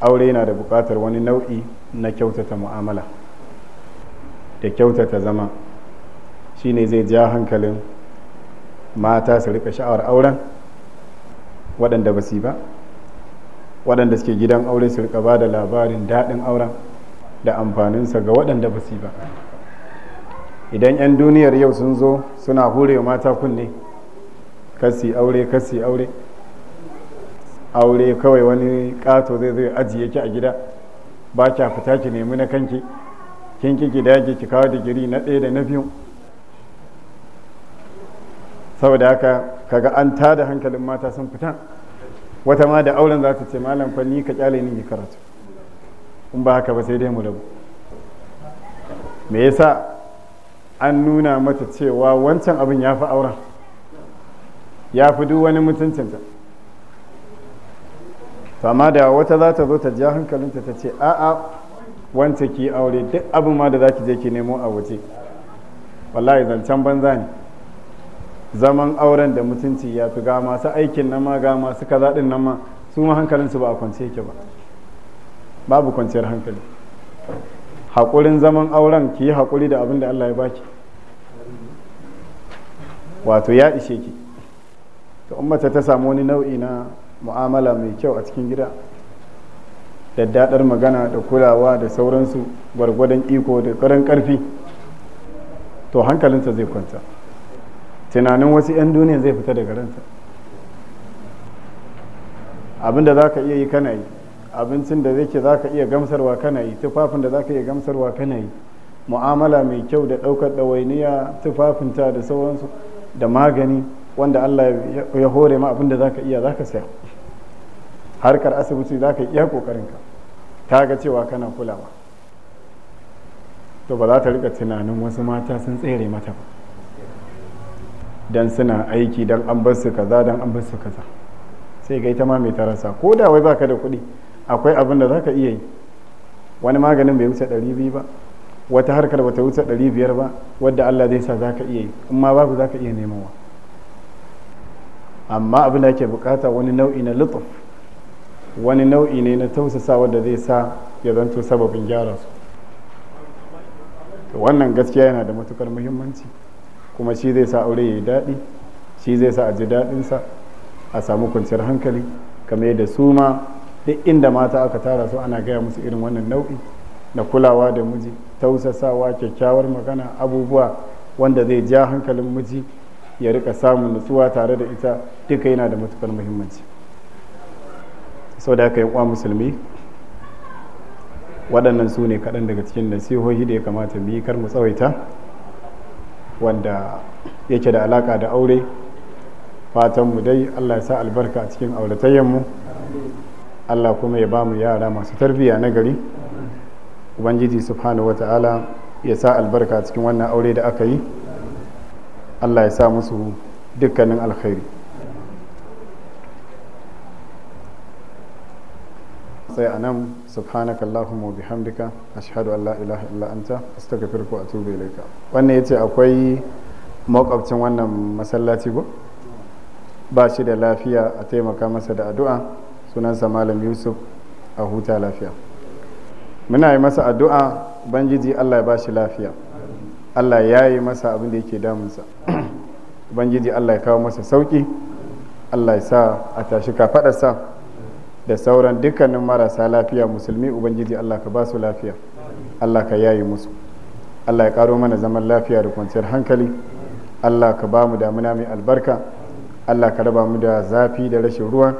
aure yana da buƙatar wani nau'i na kyautata mu'amala da kyautata zama shine zai ja hankalin mata su rika sha'awar auren waɗanda ba su yi ba waɗanda suke gidan aure su rika ba da labarin daɗin auren da amfaninsa ga waɗanda ba su ba idan 'yan duniyar yau sun zo suna hure mata kunne kasi aure kasi aure aure kawai wani ƙato zai zai ajiye ki a gida ba kya fita ki nemi na kanki kin kiki dage ki kawo digiri na ɗaya da na biyu saboda haka kaga an tada hankalin mata sun fita wata ma da auren za ta ce malam fanni ka kyale ni karatu in ba haka ba sai dai mu rabu me yasa an nuna mata cewa wancan abin ya fi auren ya fi duk wani mutuncinta amma da wata za ta zo ta ja hankalinta ta ce a'a wance ki aure duk abin ma da za ki je ki nemo a waje wallahi zancen banza ne zaman auren da mutunci ya fi ga masu aikin nan ma ga masu kaza din nan ma su ma hankalinsu ba a kwance yake ba babu kwanciyar hankali haƙurin zaman auren ki yi haƙuri da abin da Allah ya baki wato ya ishe ki ta ummata ta samu wani nau'i na mu'amala mai kyau a cikin gida da daɗar magana da kulawa da sauransu gwargwadon iko da ƙarin ƙarfi to hankalinta zai kwanta tunanin wasu 'yan duniya zai fita daga ranta abinda za ka iya yi kana yi abincin da zai za ka iya gamsarwa kana yi tufafin da za ka iya gamsarwa kana yi mu'amala mai kyau da ɗaukar ɗawainiya tufafinta da sauransu da magani wanda allah ya hore ma abin da za ka iya za ka saya harkar asibiti za ka iya ƙoƙarinka ta ga cewa kana kulawa to ba za ta rika tunanin wasu mata sun tsere mata ba don suna aiki don an bar su kaza don an bar su kaza sai ga ita ma mai tarasa ko da wai baka da kuɗi akwai abin da za ka iya yi wani maganin bai wuce 200 ba wata harkar ba ta wuce 500 ba wadda allah zai sa za ka iya yi in ma babu za ka iya wa amma abin da ake bukata wani nau'i na lutuf wani nau'i ne na tausasa wadda zai sa ya zanto sababin gyara su to wannan gaskiya yana da matukar muhimmanci kuma shi zai sa aure ya yi daɗi shi zai sa a ji daɗinsa a samu kwanciyar hankali kamar yadda su ma duk inda mata aka tara su ana gaya musu irin wannan nau'i na kulawa da miji tausasawa kyakkyawar magana abubuwa wanda zai ja hankalin miji ya rika samun nutsuwa tare da ita duka yana da matukar muhimmanci sau da aka yi kwa musulmi waɗannan su ne kaɗan daga cikin nasihohi da ya kamata mu yi kar mu tsawaita wanda yake da alaƙa da aure fatanmu dai allah ya sa albarka a cikin auratayyanmu Allah kuma ya ba mu yara masu tarbiyya na gari ubangiji subhanahu ta'ala ya sa albarka cikin wannan aure da aka yi Allah ya sa musu dukkanin alkhairi sai anan subhanaka allahumma bihamdika ashhadu an la ilaha illa anta astaghfiruka wa atubu ilayka wannan yace akwai makwabcin wannan masallaci ba shi da lafiya a taimaka masa da addu'a sunansa malam yusuf a huta lafiya muna yi masa addu'a ubangiji allah ya ba shi lafiya allah ya yi masa abin da yake damunsa *clears throat* ubangiji allah ya kawo masa sauki allah ya sa a tashi kafaɗarsa da sauran dukkanin marasa lafiya musulmi ubangiji allah ka ba su lafiya allah ka yayi musu allah ya karo mana zaman lafiya da kwanciyar hankali allah ka ba mu damuna mai albarka allah ka raba mu da zafi da rashin ruwa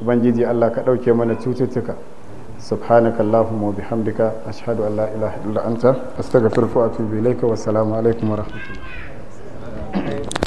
ubangiji allah ka ɗauke mana cututtuka subhana allahumma wa bihamdika ashhadu an la ilaha illa anta astaghfiruka wa atubu ilayka wa assalamu alaikum wa rahmatullah